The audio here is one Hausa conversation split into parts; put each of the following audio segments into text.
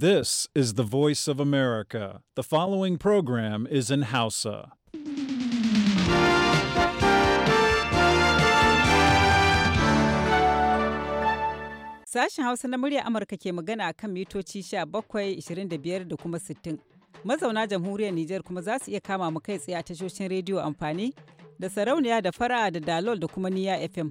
This is the voice of America. The following program is in Hausa. Sashen Hausa na murya Amurka ke magana a kan mitoci 17, 25 da kuma 60. Mazauna jamhuriyar Nijar kuma za su iya kama mu kai tsaye a tashoshin rediyo amfani da sarauniya da fara da dalol da kuma niya FM.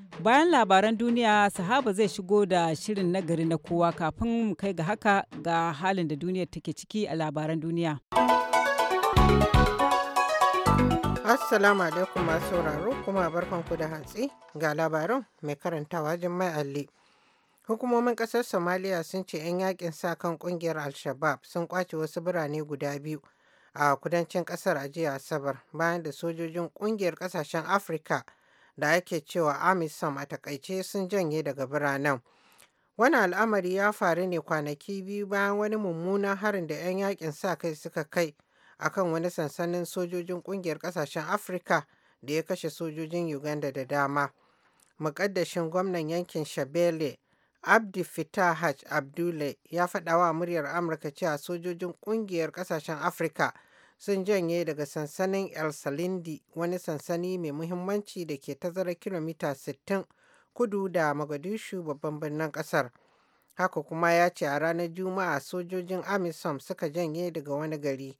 Bayan labaran duniya, sahaba zai shigo da shirin nagari na kowa kafin mu kai ga haka ga halin da duniyar take ciki a labaran duniya. Assalamu alaikum masu sauraro kuma barkanku da hatsi ga labaran mai karantawa mai Alli. Hukumomin kasar somaliya sun ce 'yan yakin sa kan kungiyar al shabab sun kwace wasu birane guda biyu a kudancin kasar a jiya Asabar bayan da sojojin kungiyar kasashen Afirka da ake cewa amisom a takaice sun janye daga biranen wani al'amari ya faru ne kwanaki biyu bayan wani mummunan harin da 'yan yakin sa kai suka kai a kan wani sansanin sojojin kungiyar kasashen afirka da ya kashe sojojin uganda da dama mukaddashin gwamnan yankin shabele abdi fitahaj abdule ya faɗawa muryar amurka cewa sojojin kungiyar kasashen afirka sun janye daga sansanin El Salindi wani sansani mai muhimmanci da ke tazara kilomita 60 kudu da magadishu babban birnin kasar. Haka kuma ya ce a ranar Juma'a sojojin Amisom suka janye daga wani gari.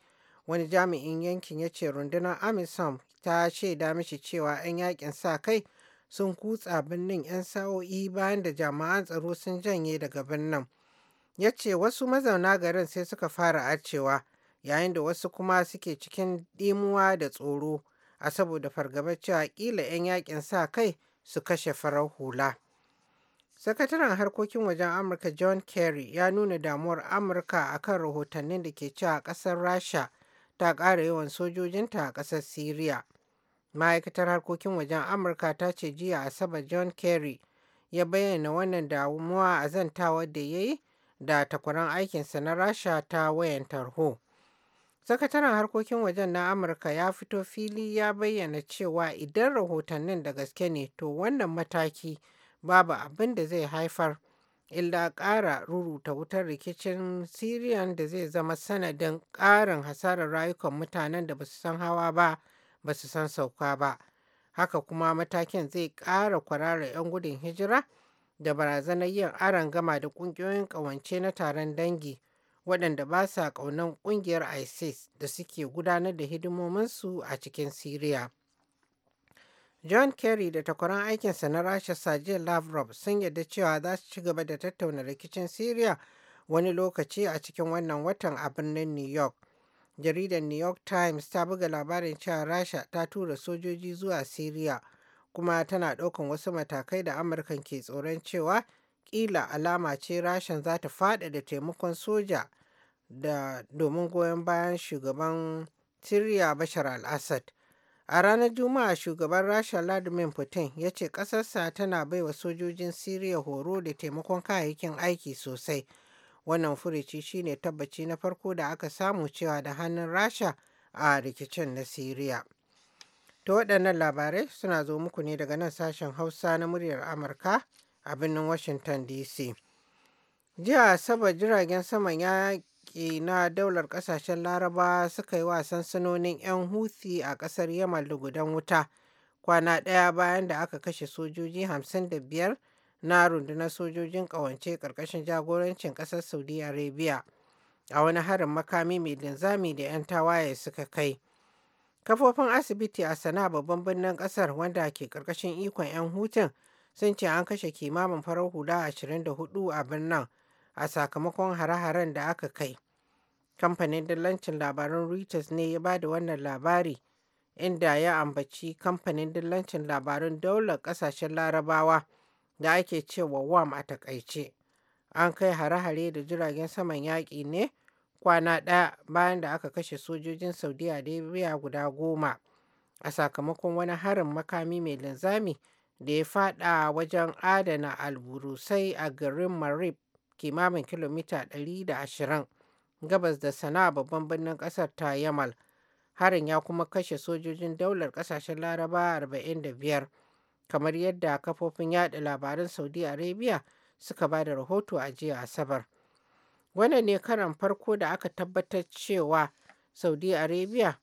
Wani jami'in yankin ya ce rundunar Amisom ta shaida mishi cewa 'yan yakin sa kai sun kutsa birnin 'yan sa'o'i bayan da jami'an tsaro sun janye daga birnin. Ya ce wasu mazauna garin sai suka fara arcewa. yayin da wasu kuma suke cikin ɗimuwa da tsoro a saboda fargabar cewa ƙila 'yan yakin sa kai su kashe farar hula. Sakataren harkokin wajen Amurka John Kerry ya nuna damuwar Amurka a kan rahotannin da ke cewa ƙasar Rasha ta ƙara yawan sojojinta a ƙasar Syria. Ma'aikatar harkokin wajen Amurka ta ce jiya Asabar John Kerry ya bayyana wannan damuwa a zantawa da ya yi da takwaran aikinsa na Rasha ta wayan tarho. Sakataren harkokin wajen na Amurka ya fito fili ya bayyana cewa idan rahotannin da gaske ne to wannan mataki babu abin da zai haifar illa ƙara ruruta wutar rikicin Siriyan da zai zama sanadin ƙarin hasarar rayukan mutanen da basu san hawa ba basu san sauka ba. Haka kuma matakin zai ƙara kwarara 'yan gudun hijira da barazanar yin gama da ƙungiyoyin ƙawance na taron dangi waɗanda ba sa ƙaunar ƙungiyar isis da suke gudanar da hidimominsu a cikin syria john kerry da takwaran aikinsa na rasha sergei lavrov sun yadda cewa za su ci gaba da tattauna rikicin syria wani lokaci a cikin wannan watan a birnin new york jaridar new york times ta buga labarin cewa rasha ta tura sojoji zuwa syria kuma tana ɗaukan wasu matakai da amurkan ke tsoron cewa watakila alama ce rashin za ta da taimakon soja da domin goyon bayan shugaban Siriya Bashar al-Assad. A ranar Juma'a shugaban Rasha Vladimir Putin ya ce ƙasarsa tana baiwa sojojin Siriya horo da taimakon kayayyakin aiki sosai. Wannan furici shine tabbaci na farko da aka samu cewa da hannun Rasha a rikicin na Siriya. Ta waɗannan labarai suna zo muku ne daga nan sashen Hausa na muryar Amurka a birnin Washington DC. Jiya Asabar jiragen saman yaƙi na daular ƙasashen Laraba suka yi wa sansanonin 'yan huti a ƙasar yamal da gudan wuta kwana ɗaya bayan da aka kashe sojoji 55 na rundunar sojojin ƙawance ƙarƙashin jagorancin ƙasar Saudi Arabia a wani harin makami mai linzami da 'yan tawaye suka kai. Kafofin asibiti a sana babban birnin ƙasar wanda ke ƙarƙashin ikon 'yan hutun sun ce an kashe kimamin farar hula 24 a birnin a sakamakon hare-haren da aka kai. Kamfanin dillancin labarun Reuters ne ya ba da wannan labari inda ya ambaci kamfanin dillancin labarun daular kasashen larabawa da ake cewa WAM a takaice. An kai hare-hare da jiragen saman yaƙi ne kwana ɗaya bayan da aka kashe sojojin Saudi Arabia guda goma a sakamakon wani harin makami mai linzami. da ya fada wajen adana alburusai a garin marib kimamin kilomita 120 gabas da sana'a babban birnin kasar ta yamal harin ya kuma kashe sojojin daular kasashen laraba 45 kamar yadda kafofin yada labaran saudi arabia suka ba da rahoto a jiya asabar wannan ne karan farko da aka tabbatar cewa saudi arabia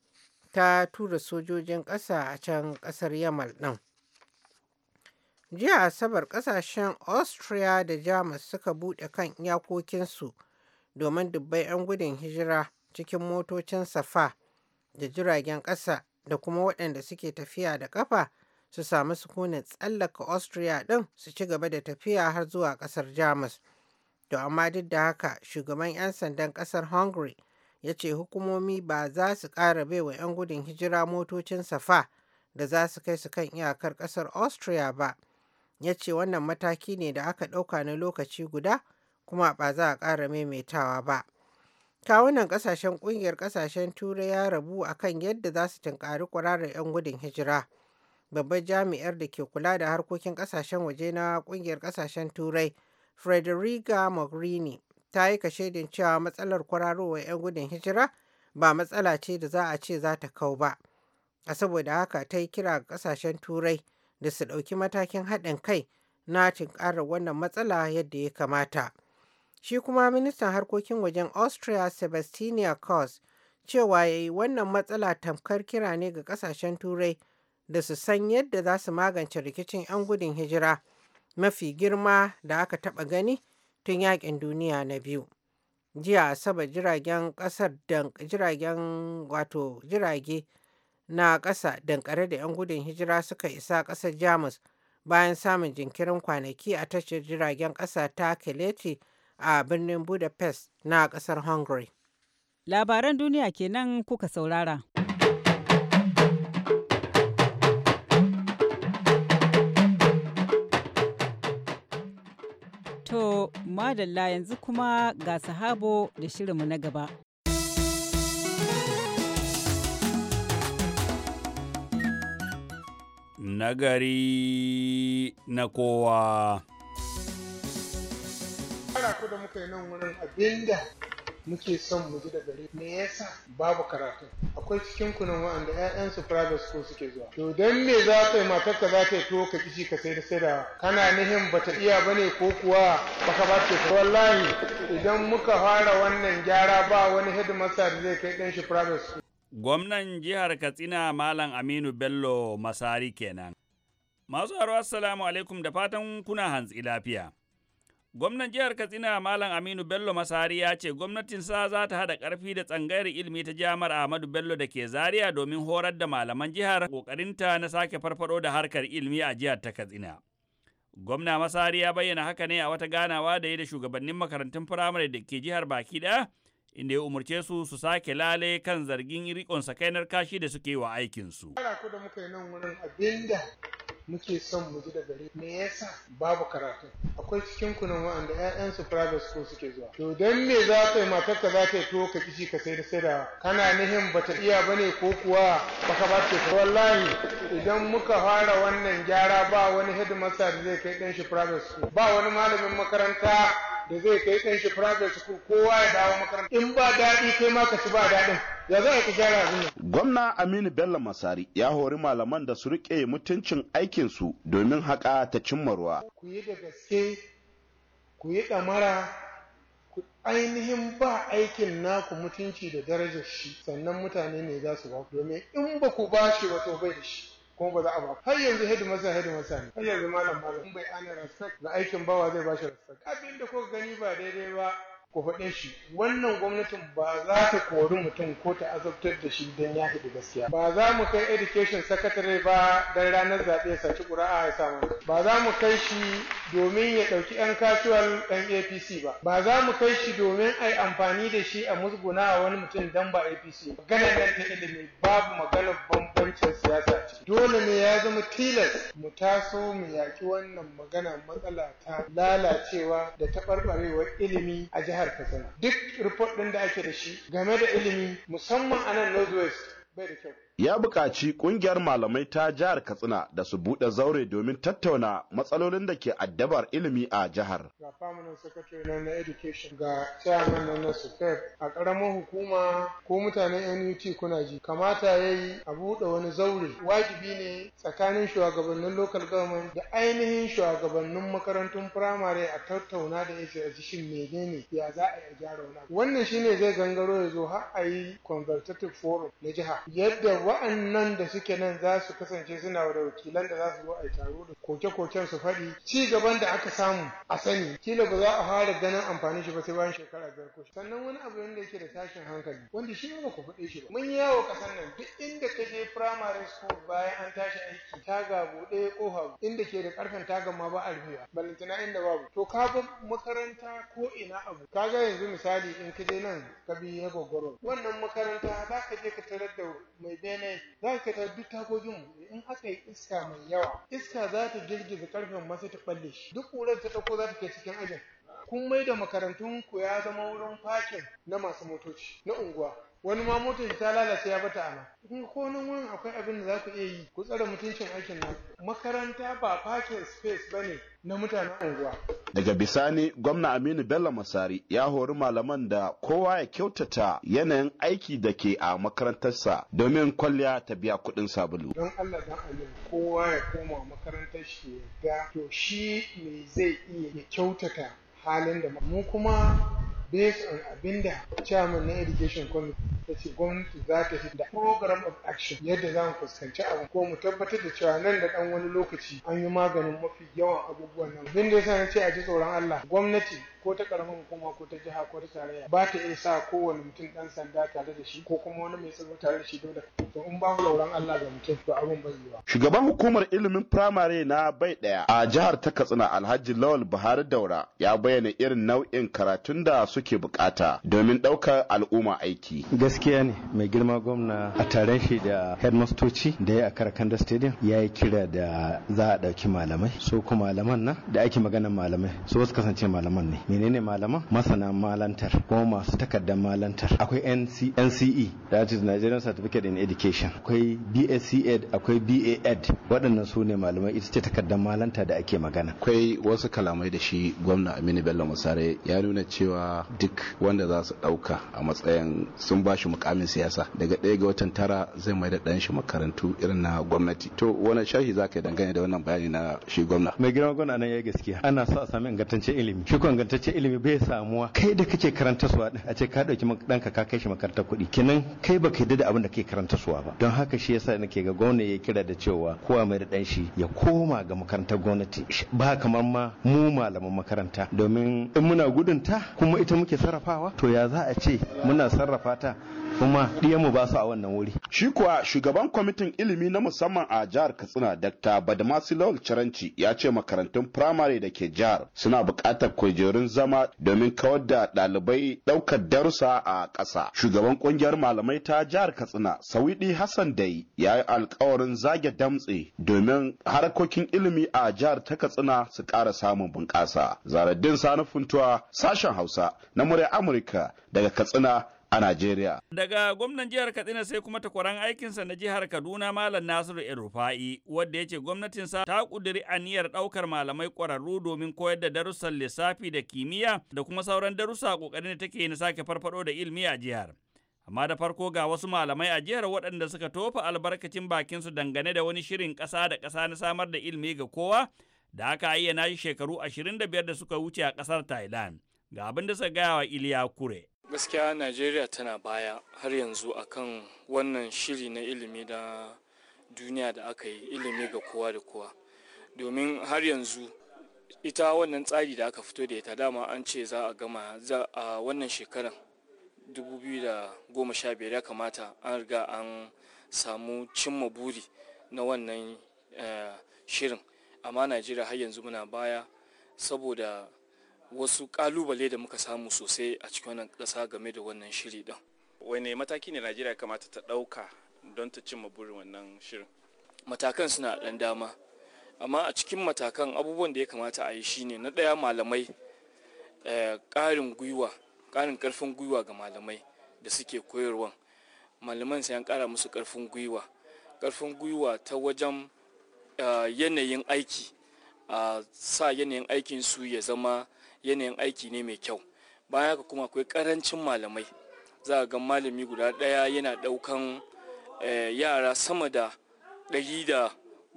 ta tura sojojin ƙasa a can ƙasar yamal ɗin jiya asabar kasashen austria da jamus suka buɗe kan iyakokinsu domin dubbai 'yan gudun hijira cikin motocin safa da jiragen ƙasa da kuma waɗanda suke tafiya da ƙafa su samu sukunin tsallaka austria ɗin su ci gaba da tafiya har zuwa ƙasar jamus to amma duk da haka shugaban 'yan sandan ƙasar hungary ya ce hukumomi ba za su ƙara baiwa 'yan gudun hijira motocin safa da za su kai su kan iyakar ƙasar austria ba ya ce wannan mataki ne da aka ɗauka na lokaci guda kuma ba za a ƙara maimaitawa ba kawunan ƙasashen ƙungiyar ƙasashen turai ya rabu a kan yadda za su tunkari kwararar 'yan gudun hijira babbar jami'ar da ke kula da harkokin ƙasashen waje na ƙungiyar ƙasashen turai frederica mogherini ta yi kashedin cewa matsalar kwararowar 'yan gudun hijira ba matsala ce da za a ce za ta kau ba a saboda haka ta yi kira ga ƙasashen turai da su ɗauki matakin haɗin kai na tunkarar wannan matsala yadda ya kamata. Shi kuma ministan harkokin wajen Austria Sebastania Kos cewa ya yi wannan matsala tamkar kira ne ga ƙasashen Turai da su san yadda za su magance rikicin 'yan gudun hijira mafi girma da aka taɓa gani tun yaƙin duniya na biyu. Jiya Asabar jiragen ƙasar jiragen wato jirage na ƙasa dankare da 'yan gudun hijira suka isa ƙasar Jamus bayan samun jinkirin kwanaki a tashar jiragen ƙasa ta Keleti a birnin Budapest na ƙasar Hungary. Labaran duniya kenan kuka saurara. To, madalla yanzu kuma ga sahabo da shirinmu na gaba. nagari na kowa. Kara ku da muka yi nan wurin abinda muke son mu ji da gari me yasa babu karatu akwai cikin ku nan wa'anda su private school suke zuwa to dan me za ta yi matarka za ta yi to ka kishi ka sai da sai da kana nihin bata iya bane ko kuwa baka ba ce wallahi idan muka fara wannan gyara ba wani headmaster da zai kai ɗan shi private school Gwamnan jihar Katsina Malam Aminu Bello Masari kenan. Masu haro assalamu alaikum da fatan kuna hantsi lafiya. Gwamnan jihar Katsina Malam Aminu Bello Masari ya ce gwamnatin sa za ta haɗa ƙarfi da tsangayar ilimi ta jami'ar Ahmadu Bello da ke Zariya domin horar da malaman jihar ƙoƙarinta na sake farfaɗo da harkar ilimi a jihar ta Katsina. Gwamna Masari ya bayyana haka ne a wata ganawa da yi da shugabannin makarantun firamare da ke jihar baki ɗaya inda ya umarce su su sake lalai kan zargin rikon sakainar kashi da suke wa aikinsu. Kara ku da muka yi nan wurin abinda muke son mu ji da gare me yasa babu karatu akwai cikin ku nan wa'anda ƴaƴan su private school suke zuwa to dan me za ta yi matar ka za ta to ka kishi ka sai da sai da kana nihin bata iya bane ko kuwa baka ba ta wallahi idan muka fara wannan gyara ba wani headmaster da zai kai ɗan shi private school ba wani malamin makaranta da zai kai kan shi private school kowa ya dawo makaranta in ba daɗi kai ma ka ci ba daɗin ya za ka gyara abin gwamna Aminu Bello Masari ya hori malaman da su rike mutuncin aikinsu domin haƙa ta cimma ruwa ku yi da gaske ku yi ɗamara ku ainihin ba aikin naku mutunci da darajar shi sannan mutane ne za su ba domin in ba ku ba shi wato bai da shi kuma ba za a ba har yanzu hedimasa hedimasa ne har yanzu malam malam in bai ana respect ga aikin bawa zai ba shi respect abin da kuka gani ba daidai ba ku faɗe shi wannan gwamnatin ba za ta kori mutum ko ta azabtar da shi don ya da gaskiya ba za mu kai education secretary ba don ranar zaɓe ci ƙura'a ya samu ba za mu kai shi domin ya ɗauki ɗan kasuwar ɗan apc ba ba za mu kai shi domin a yi amfani da shi a musguna a wani mutum don ba apc magana nan ta ilimi babu maganar bambancin siyasa ce dole ne ya zama tilas mu taso mu yaƙi wannan magana matsala ta lalacewa da taɓarɓarewar ilimi a jihar jihar Katsina duk report ɗin da ake da shi game da ilimi musamman a nan Northwest bai da kyau ya buƙaci ƙungiyar malamai ta jihar katsina da su buɗe zaure domin tattauna matsalolin da ke addabar ilimi a jihar ga famanin sakatare na education ga chairman na sufet a ƙaramin hukuma ko mutanen nut kuna ji kamata ya yi a buɗe wani zaure wajibi ne tsakanin shugabannin local government da ainihin shugabannin makarantun firamare a tattauna da yake a jishin menene ya za a iya gyara wannan shine zai gangaro ya zo har a yi convertative forum na jiha yadda wa'annan da suke nan za su kasance suna da wakilan da za su zo a yi taro da koke-koken su faɗi ci gaban da aka samu a sani kila ba za a fara ganin amfanin shi ba sai bayan shekara biyar ko sannan wani abu da yake da tashin hankali wanda shi ba ku faɗe shi ba mun yawo ƙasar nan duk inda ka je primary school bayan an tashi aiki taga buɗe ƙofa inda ke da ƙarfen tagan ma ba a rufewa balantana inda babu to ka ga makaranta ko ina abu ka ga yanzu misali in ka je nan ka bi na gwaggwaro wannan makaranta za ka je ka tarar da mai ne za ka tarbi tagogin in aka yi iska mai yawa iska za ta girgiza karfen masu ta balle shi duk wurin ta ɗauko za ta ke cikin ajin kun mai da makarantun ku ya zama wurin fakin na masu motoci na unguwa wani ma motoci ta lalace ya bata ana kun ko nan wurin akwai abin da za ku iya yi ku tsare mutuncin aikin nan makaranta ba fakin space bane na mutanen unguwa daga bisani gwamna aminu bello masari ya hori malaman da kowa ya kyautata yanayin aiki da ke a makarantarsa domin kwalliya ta biya kuɗin sabulu don allah don allah kowa ya koma makarantar shi ya to shi me zai iya ya kyautata halin da mu kuma based on abinda chairman na education committee da ce gwamnati za ta fi da program of action yadda za mu fuskanci abu ko mu tabbatar da cewa nan da ɗan wani lokaci an yi maganin mafi yawan abubuwan nan abin da ya sa ce a ji tsoron Allah gwamnati ko ta karamin hukuma ko ta jiha ko ta tarayya ba ta iya sa kowane mutum ɗan sanda tare da shi ko kuma wani mai tsaro tare da shi dole to in babu tsoron Allah ga mutum to abin bai yiwa. Shugaban hukumar ilimin firamare na bai ɗaya a jihar ta Katsina Alhaji Lawal Buhari Daura ya bayyana irin nau'in karatun da suke bukata domin ɗaukar al'umma aiki. gaskiya ne mai girma gwamna a taron shi da headmastoci da ya a karakanda stadium ya yi kira da za a ɗauki malamai so kuma malaman nan da ake maganar malamai so wasu kasance malaman ne menene malaman masana malantar kuma masu takardar malantar akwai nce that is nigerian certificate in education akwai bsc ed akwai ba ed waɗannan su ne malamai ita ce takardar malanta da ake magana akwai wasu kalamai da shi gwamna aminu bello musare ya nuna cewa duk wanda za su ɗauka a matsayin sun ba shi shi mukamin siyasa daga ɗaya ga watan tara zai mai da ɗan shi makarantu irin na gwamnati to wani shashi za ka yi dangane da wannan bayani na shi gwamna mai girma gwamna nan ya gaskiya ana so a sami ingantaccen ilimi shi kuma ingantaccen ilimi bai samuwa kai da kake karanta suwa a ce ka ɗauki ɗanka ka kai shi makarantar kuɗi kenan kai baka yarda da abin da kake karanta suwa ba don haka shi yasa nake ga gwamna ya kira da cewa kowa mai da ɗan shi ya koma ga makarantar gwamnati ba kamar ma mu malaman makaranta domin in muna gudunta kuma ita muke sarrafawa to ya za a ce muna sarrafa ta kuma mu ba su a wannan wuri. Shi kuwa shugaban kwamitin ilimi na musamman a jihar Katsina Dr. Badmasi Lawal Ciranci ya ce makarantun firamare da ke jihar suna buƙatar kujerun zama domin kawar da ɗalibai ɗaukar darusa a ƙasa. Shugaban ƙungiyar malamai ta jihar Katsina Sawidi Hassan Dai ya yi alkawarin zage damtse domin harkokin ilimi a jihar ta Katsina su ƙara samun bunƙasa. Zaradin Sani Funtuwa sashen Hausa na murya Amurka daga Katsina a Najeriya. Daga gwamnan jihar Katsina sai kuma takwaran aikinsa na jihar Kaduna Malam Nasiru El-Rufa'i wadda ya ce gwamnatinsa ta ƙudiri aniyar ɗaukar malamai ƙwararru domin koyar da darussan lissafi da kimiyya da kuma sauran darussa ƙoƙarin da take na sake farfado da ilimi a jihar. Amma da farko ga wasu malamai a jihar waɗanda suka tofa albarkacin bakinsu dangane da wani shirin ƙasa da ƙasa na samar da ilimi ga kowa da aka ayyana shi shekaru 25 da suka wuce a ƙasar Thailand. ga abin da gaya wa iliya kure gaskiya najeriya tana baya har yanzu akan wannan shiri na ilimi da duniya da aka yi ilimi ga kowa da kowa domin har yanzu ita wannan tsari da aka fito da ita dama an ce za a gama za a wannan shekaran 2015 ya kamata an riga an samu cimma buri na wannan eh, shirin amma najeriya har yanzu muna baya saboda wasu kalubale da muka samu sosai a cikin wannan ƙasa game da wannan shiri din wane mataki ne najeriya kamata ta ɗauka don ta cimma burin wannan shirin matakan suna ɗan dama amma a cikin matakan abubuwan da ya kamata a yi shine na ɗaya malamai eh, ƙarin gwiwa ƙarin ƙarfin gwiwa ga malamai da suke koyarwan malaman sai an ƙara musu ƙarfin gwiwa ƙarfin gwiwa ta wajen eh, yanayin aiki a sa yanayin aikin su ya zama yanayin aiki ne mai kyau bayan haka kuma akwai karancin malamai za a ga malami guda ɗaya yana ɗaukan eh, yara sama da ɗari da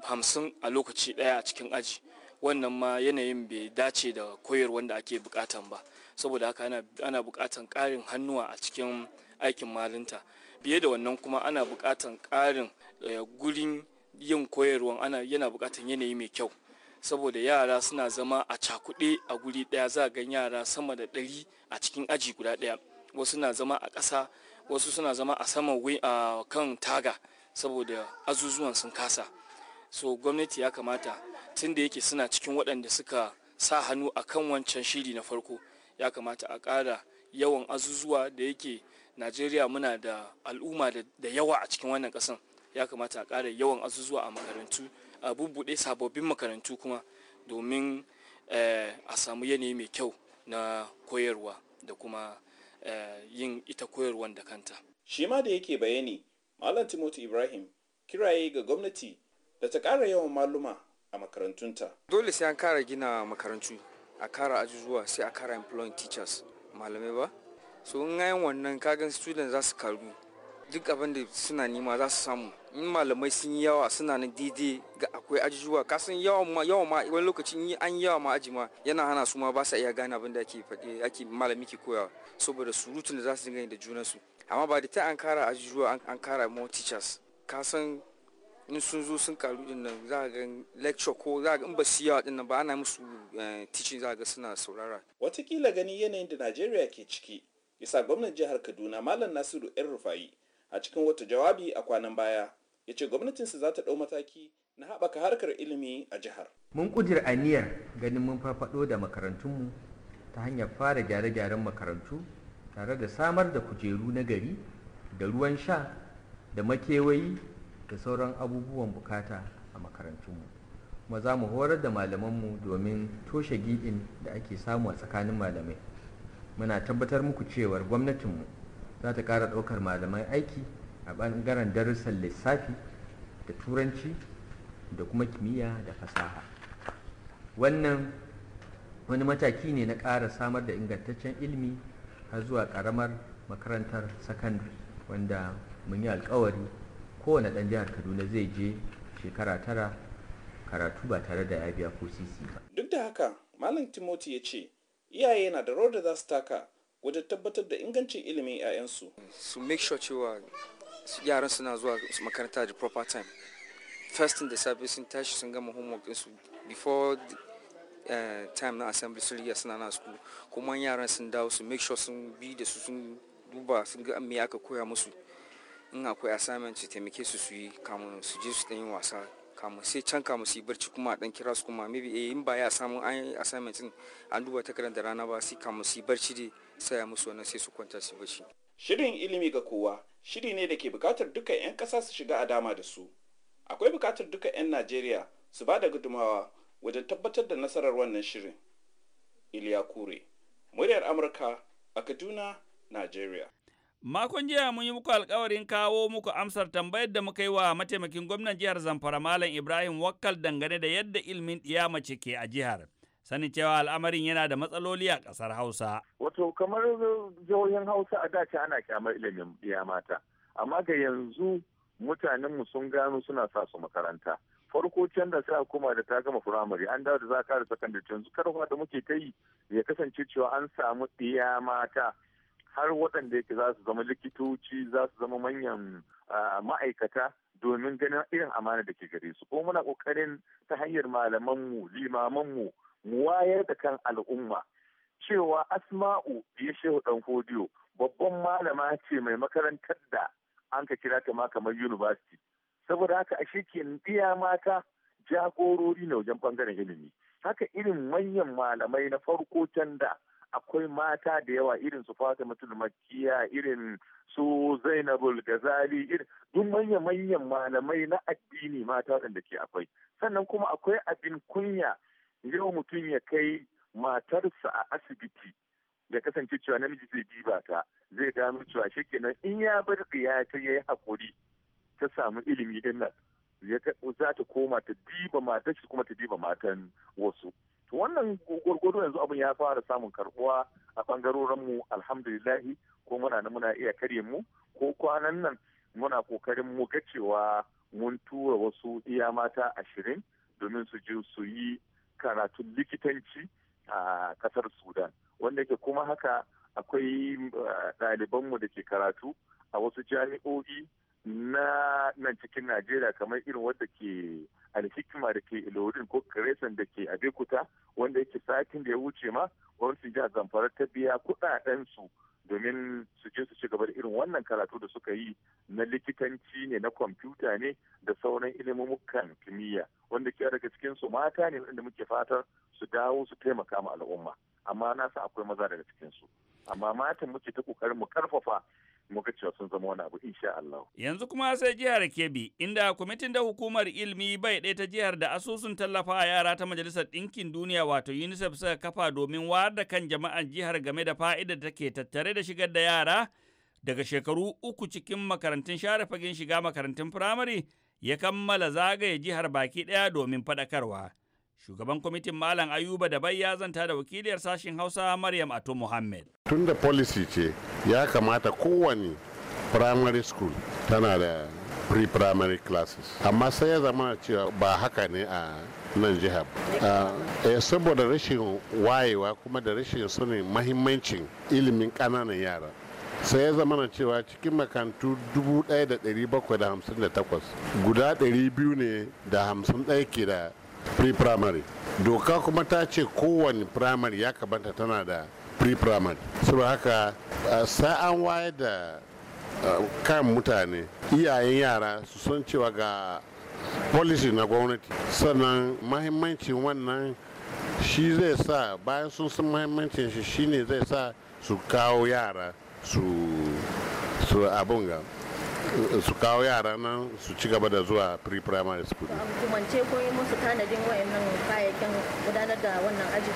hamsin a lokaci ɗaya a cikin aji wannan ma yanayin bai dace da koyar da ake bukatan ba saboda haka ana bukatan ƙarin hannuwa a cikin aikin malinta biye da wannan kuma ana bukatan ƙarin eh, gurin yin koyarwa yana bukatan yanayi mai kyau saboda yara suna zama a cakuɗe a guri ɗaya za gan yara sama da ɗari a cikin aji guda ɗaya wasu na zama a ƙasa wasu suna zama a saman wai a kan taga saboda azuzuwan sun kasa so gwamnati ya kamata tun da yake suna cikin waɗanda suka sa hannu a kan wancan shiri na farko ya kamata a ƙara yawan azuzuwa da yake najeriya muna da al'umma da yawa a cikin wannan ƙasan ya kamata a kara yawan azuzuwa a makarantu a bubbuɗe sababbin makarantu kuma domin eh, a samu yanayi mai kyau na koyarwa da kuma eh, yin ita koyarwan da kanta shi ma da yake bayani malam timothy ibrahim kiraye ga gwamnati da ta ƙara yawan maluma a makarantunta dole sai an kara gina makarantu a kara ajujuwa sai a kara employing teachers malamai ba so in wannan kagan student za su karu duk abin da suna nima za su samu in malamai sun yi yawa suna na daidai ga akwai ajujuwa kasan yawan ma yawan ma wani lokacin yi an yawa ma aji ma yana hana su ma ba sa iya gane abin da ake faɗi ake malami ke koyawa saboda surutun da za su dinga da da junansu amma ba da ta an kara ajujuwa an kara more teachers kasan in sun zo sun karu din nan za ga lecture ko za ga in ba su yawa din nan ba ana musu eh, teaching za ga suna saurara watakila gani yanayin da Najeriya ke ciki isa gwamnan jihar Kaduna Malam Nasiru Yan Rufai a cikin wata jawabi a kwanan baya ya ce gwamnatinsa za ta ɗau mataki na haɓaka harkar ilimi a jihar. Mun ƙudir aniyar ganin mun farfaɗo da makarantunmu ta hanyar fara gyare-gyaren makarantu tare da samar da kujeru na gari da ruwan sha da makewayi da sauran abubuwan bukata a makarantunmu. Kuma za mu horar da malamanmu domin toshe giɗin da ake samu a tsakanin malamai. Muna tabbatar muku cewar gwamnatinmu za ta ƙara ɗaukar malamai aiki a bangaren darussan lissafi da turanci da kuma kimiyya da fasaha wannan wani mataki ne na ƙara samar da ingantaccen ilimi har zuwa ƙaramar makarantar sakandare wanda mun yi alkawari kowane ɗan jihar kaduna zai je shekara tara karatu ba tare da ya biya ko sisi ba duk da haka malam timoti ya ce iyaye na da rawar da za su taka wajen tabbatar da ingancin ilimin 'ya'yansu su make sure cewa yaran suna zuwa makaranta da proper time first in the service sun tashi sun gama homework ɗinsu before Uh, time na assembly sun riya suna na school kuma yaran sun dawo su make sure sun bi da su sun duba sun ga me aka koya musu in akwai assignment su taimake su su yi kamun su je su yin wasa kamun sai can kamun su yi barci kuma dan kira su kuma maybe eh in ba ya samu an yi assignment din an duba takardar da rana ba sai kamun su yi barci dai sai ya musu wannan sai su kwanta su barci shirin ilimi ga kowa shiri ne da ke bukatar duka 'yan ƙasa su shiga a dama da su akwai bukatar duka 'yan najeriya su ba da gudumawa wajen tabbatar da nasarar wannan shirin iliya kure muryar amurka a kaduna najeriya Makon jiya mun yi muku alkawarin kawo muku amsar tambayar da muka yi wa mataimakin gwamnan jihar Zamfara Malam Ibrahim Wakkal dangane da yadda ilimin ɗiya ke a jihar. sanin cewa al'amarin yana da matsaloli a ƙasar Hausa. Wato kamar jihohin Hausa a dace ana kyamar ilimin ya mata, amma ga yanzu mutanen mu sun gano suna sa su makaranta. Farko can da sai kuma da ta gama firamare an dawo da za ka da yanzu karfa da muke ta yi ya kasance cewa an samu ɗiya mata har waɗanda yake za su zama likitoci za su zama manyan ma'aikata domin ganin irin amana da ke gare su ko muna ƙoƙarin ta hanyar malamanmu limamanmu mu wayar da kan al'umma cewa asma'u ya shehu dan hodiyo babban malama ce mai makarantar da an ka kira ta ma kamar university saboda haka a shekin ɗiya mata jagorori ne wajen bangaren ilimi haka irin manyan malamai na farko can da akwai mata da yawa irin su Fatima Makiya irin su Zainabul Gazali irin duk manyan manyan malamai na addini mata waɗanda ke akwai sannan kuma akwai abin kunya yau mutum ya kai matarsa a asibiti ya kasance cewa namiji zai diba ta zai gano cewa kenan in ya bar ya ta yi hakuri ta samu ilimi din nan za ta koma ta diba matar shi kuma ta diba matan wasu wannan gwargwado yanzu abin ya fara samun karbuwa a bangarorin mu alhamdulillahi ko muna nan muna iya kare mu ko kwanan nan muna kokarin mu ga cewa mun tura wasu iya mata ashirin domin su je su yi karatun likitanci a kasar sudan wanda ke kuma haka akwai eh, ɗalibanmu da ke karatu a wasu jami'o'i na nan cikin najeriya kamar irin wadda ke alhikima da ke ilorin ko kiresan da ke abekuta wanda yake satin da ya wuce ma gwamnatin jihar zamfara ta biya kuɗaɗensu domin su je su ci gaba da irin wannan karatu da suka yi na likitanci ne na kwamfuta ne da sauran ilimin kimiyya wanda ke daga cikin su mata ne wanda muke fatar su dawo su taimaka ma al'umma amma na san akwai maza daga cikin su amma matan muke ta kokarin mu karfafa muka cewa sun zama wani abu insha Allah. Yanzu kuma sai jihar Kebbi inda kwamitin da hukumar ilimi bai ɗaya ta jihar da asusun tallafa a yara ta Majalisar Ɗinkin Duniya wato UNICEF suka kafa domin wayar da kan jama'an jihar game da fa'idar da take tattare da shigar da yara daga shekaru uku cikin makarantun share fagen shiga makarantun firamare ya kammala zagaye jihar baki ɗaya domin faɗakarwa. shugaban kwamitin malam ayuba da bai ya zanta da wakiliyar sashen hausa maryam ato muhammad tun da policy ce ya kamata kowane primary school tana da pre-primary classes amma sai ya zama cewa ba haka ne a nan jihar ah, eh, saboda rashin wayewa kuma da rashin sanin mahimmancin ilimin ƙananan yara sai ya zama cewa cikin makantu 1758 guda 251 ke da pre-primary doka kuma ta ce kowane primary ya kamata tana da pre-primary saboda haka sa'an wayar da kan mutane iyayen yara su san cewa ga policy na gwamnati sannan mahimmancin wannan shi zai sa bayan sun san mahimmancin shi shine zai sa su kawo yara su abin ga su kawo yara nan su ci gaba da zuwa pre-primary school. A hukumance ko yi musu tanadin wayannan kayayyakin gudanar da wannan aji?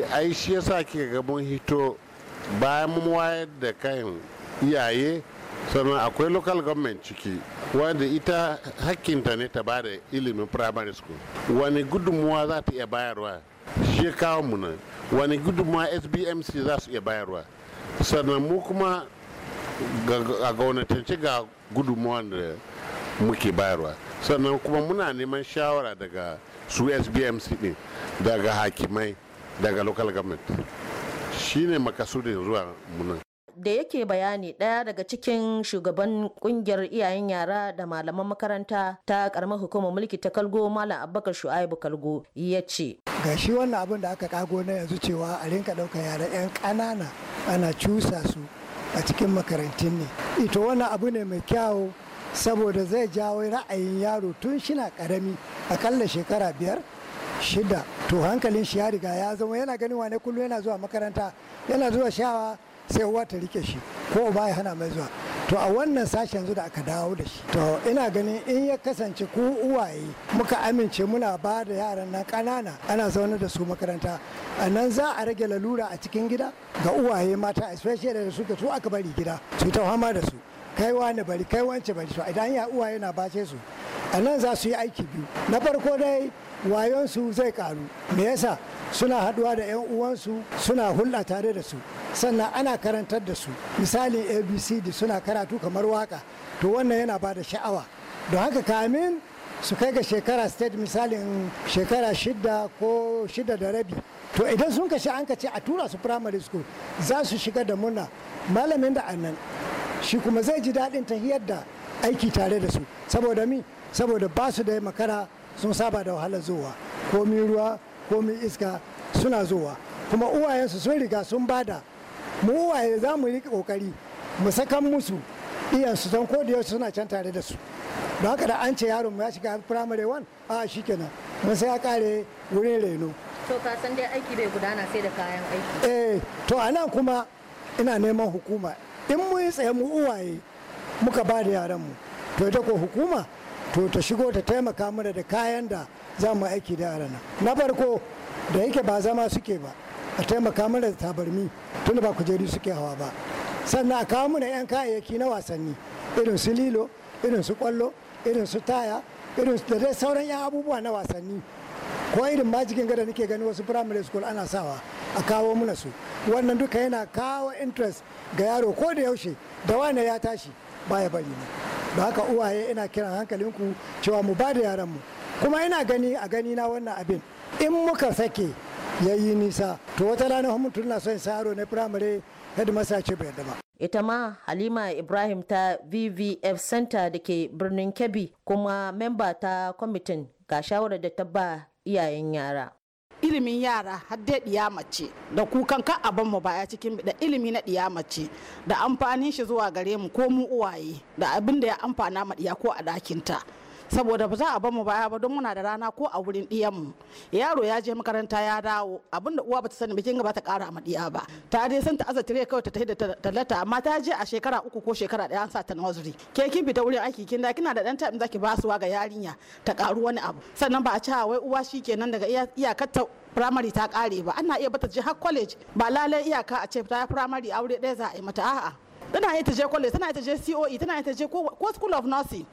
Eh, ai shi yasa kika ga mun hito bayan mun wayar da kan iyaye sannan akwai local government ciki wanda ita hakkinta ne ta bada ilimin primary school wani gudunmuwa za ta iya bayarwa shi kawo mu nan wani gudunmuwa sbmc za su iya bayarwa sannan mu kuma a gwamnatance ga gudunmuwan da muke bayarwa sannan kuma muna neman shawara daga su sbmc ne daga hakimai daga local government shine makasudin zuwa munan da yake bayani ɗaya daga cikin shugaban kungiyar iyayen yara da malaman makaranta ta karamar hukumar mulki ta kalgo malam abubakar shu'aibu kalgo ya ce ga shi wannan abin da aka kago na yanzu cewa a rinka ɗaukar yara 'yan ƙanana ana cusa su a cikin makarantun ne ita wani abu ne mai kyawu saboda zai jawo ra'ayin yaro tun shina karami akalla shekara biyar shida to hankalin shi ya riga ya zama yana ganin wane kullum yana zuwa makaranta yana zuwa shawa sai uwa ta rike shi ko ba ya hana mai zuwa to a wannan sashen yanzu da aka dawo da shi to ina ganin in ya kasance ku uwaye muka amince muna ba da yaran nan ƙanana ana zaune da su makaranta a nan za a rage lalura a cikin gida ga uwaye mata especially da su su aka bari gida su ta fama da su kai wani bari kai wance bari to idan ya uwaye na bace su a nan za su yi aiki biyu na farko dai wayonsu zai karu me yasa suna haɗuwa da 'yan uwansu suna hulɗa tare da su sannan ana karantar da su misalin abcd suna karatu kamar waka to wannan yana ba da sha'awa don haka kamin su kai ga shekara state misalin shekara shida ko shida da rabi to idan sun kashe an kace a tura su primary school za su shiga da murna malamin da annan shi kuma zai ji daɗin tahiyar da aiki tare da su saboda mi saboda ba su da makara sun saba da wahalar zowa komi ruwa komi iska suna zowa kuma uwayensu sun riga sun bada mu waye za mu yi ƙoƙari mu sakan musu su don ko da suna can tare da su don haka da an ce yaron ya shiga firamare one a shi kenan mun sai ya kare wurin reno to ka san dai aiki bai gudana sai da kayan aiki eh to a nan kuma ina neman hukuma in mun yi tsaye mu uwaye muka ba da yaran mu to ita ko hukuma to ta shigo ta taimaka mana da kayan da za mu aiki da yaran na farko da yake ba zama suke ba a taimaka mana da tabarmi tun ba kujeru suke hawa ba sannan a kawo mana 'yan kayayyaki na wasanni irin su lilo irin su kwallo irin su taya irin da dai sauran 'yan abubuwa na wasanni ko irin majigin gada nake gani wasu primary school ana sawa a kawo mana su wannan duka yana kawo interest ga yaro ko da yaushe da wane ya tashi ba ya bari ne da haka uwaye ina kiran hankalinku cewa mu ba da mu, kuma ina gani a gani na wannan abin in muka sake ya yi nisa to wata rana mutum na son saro na firamare headmaster ce bai yarda ba ita ma halima ibrahim ta vvf center da ke birnin kebbi kuma memba ta kwamitin ga shawarar da ta ba iyayen yara ilimin yara har dai ɗiya mace da kukan ka abin mu baya cikin da ilimi na ɗiya mace da amfanin shi zuwa gare mu ko mu uwaye da abin da ya amfana ma ɗiya ko a dakinta. ta saboda ba za a bamu baya ba don muna da rana ko a wurin mu yaro ya je makaranta ya dawo abinda uwa bata sani bikin gaba ta kara ma diya ba ta dai san ta aza tire kawai ta tafi da tallata amma ta je a shekara uku ko shekara daya an sa ta nursery ke kin fita wurin aiki kin da kina da dan time zaki basuwa ga yarinya ta karu wani abu sannan ba a ci wai uwa shi kenan daga iyakar ta firamare ta kare ba ana iya bata je har college ba lalai iyaka a ce ta firamare aure ɗaya za a yi mata a'a tana yi ta je college tana yi ta je coe tana yi ta je ko school of nursing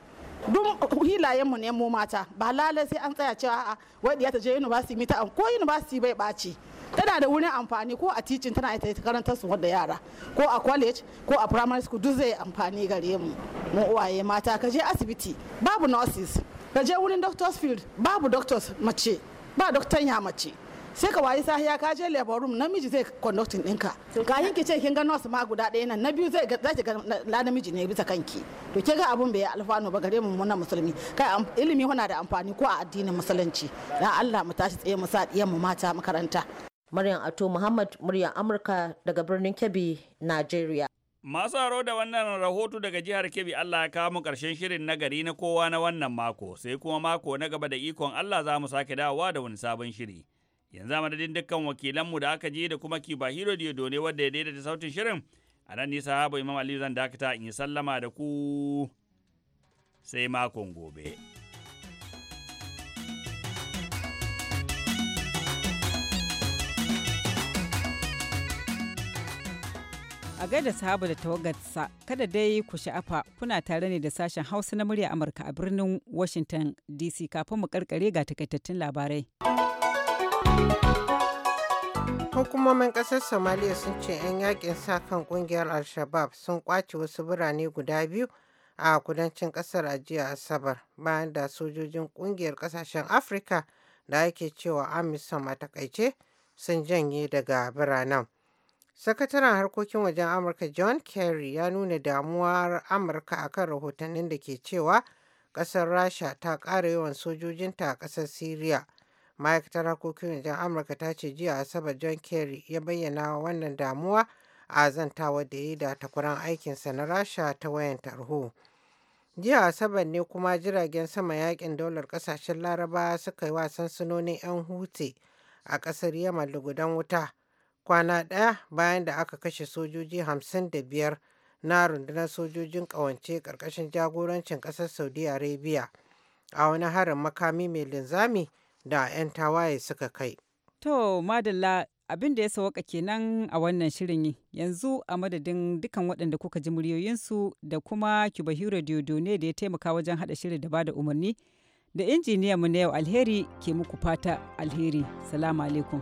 duk hilayenmu ne mu mata ba lalai sai an tsaya cewa a wadda ta je university mita ko university bai ɓaci tana da wurin amfani ko a teaching tana ita ta karanta su da yara ko a college ko a primary school duk zai amfani gare mu mu uwaye mata ka je asibiti babu nurses ka je wurin doctors field babu doctors mace ba doctor ya mace sai ka wayi sahiya ka je labor room namiji zai conducting ɗinka kayan ki ce kin ga nurse ma guda ɗaya nan na biyu zai za ki ga la namiji ne bisa kanki to ke ga abun bai alfano ba gare mu muna musulmi kai ilimi yana da amfani ko a addinin musulunci dan Allah mu tashi tsaye mu sa diyan mu mata makaranta Maryam Ato Muhammad muryar Amurka daga birnin Kebbi Nigeria Masu haro da wannan rahoto daga jihar Kebbi Allah ya kawo mu karshen shirin na gari na kowa na wannan mako, sai kuma mako na gaba da ikon Allah za mu sake dawowa da wani sabon shiri. yanzu a madadin dukkan wakilanmu da aka je da kuma kiba hero ne wadda ya daidaita sautin shirin a nan nisa habu imam ali zan dakata in yi sallama da ku sai makon gobe a gaida sahaba da tawagarsa kada dai ku sha'afa kuna tare ne da sashen hausa na murya amurka a birnin washington dc kafin mu karkare ga takaitattun labarai. Hukumomin ƙasar Somaliya sun ce 'yan yakin sa kan ƙungiyar Al-Shabab sun ƙwace wasu birane guda biyu a kudancin ƙasar a jiya Asabar bayan da sojojin ƙungiyar ƙasashen Afirka da ake cewa AMISOM a takaice sun janye daga biranen. Sakataren harkokin wajen Amurka John Kerry ya nuna damuwar Amurka akan rahotannin da ke cewa ƙasar Rasha ta ƙara yawan sojojinta a ƙasar Siriya. ma'aikatar harkokin wajen amurka ta ce jiya asabar john kerry ya bayyana wannan damuwa a zantawa da ya da takwaran aikinsa na rasha ta wayan tarho jiya asabar ne kuma jiragen sama yakin daular kasashen laraba suka yi wasan sunonin 'yan huti a kasar da gudan wuta kwana daya bayan da aka kashe sojoji 55 na rundunar sojojin ƙawance karkashin jagorancin kasar saudi arabia a wani harin makami mai linzami da 'yan tawaye suka kai. To, Madalla abin da ya sawaka kenan a wannan shirin yanzu a madadin dukan waɗanda kuka ji muryoyinsu da kuma Kibahiro Diodone da ya taimaka wajen haɗa shirin da ba da umarni da mu na yau alheri ke muku fata alheri. Salamu alaikum.